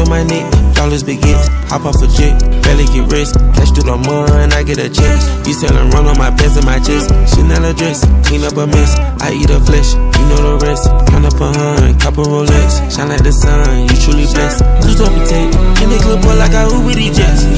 on my neck, dollars begets. Hop off a jet, barely get rich. Cash through the mud and I get a check. You selling run on my pants and my chest. Chanel a dress, clean up a mess. I eat a flesh, you know the rest. Count up a hun, copper Rolex. Shine like the sun, you truly blessed. Lose up a tape, in the clip boy like I Uber the jets.